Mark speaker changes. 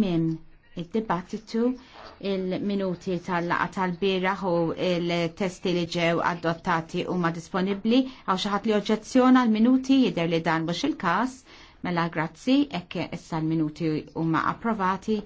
Speaker 1: tmiem id-dibattitu il-minuti tal-laqa tal-bira u il-testi li ġew adottati huma disponibbli għaw xi ħadd li oġezzjona l-minuti jidher li dan mhux il-każ mela grazzi ekke issa l-minuti huma
Speaker 2: approvati